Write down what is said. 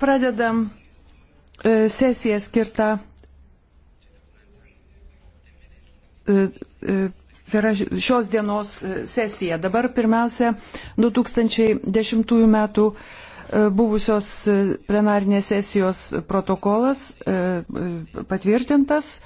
Pradedam e, sesiją skirtą e, e, Tai yra šios dienos sesija. Dabar pirmiausia, 2010 metų buvusios plenarinės sesijos protokolas patvirtintas.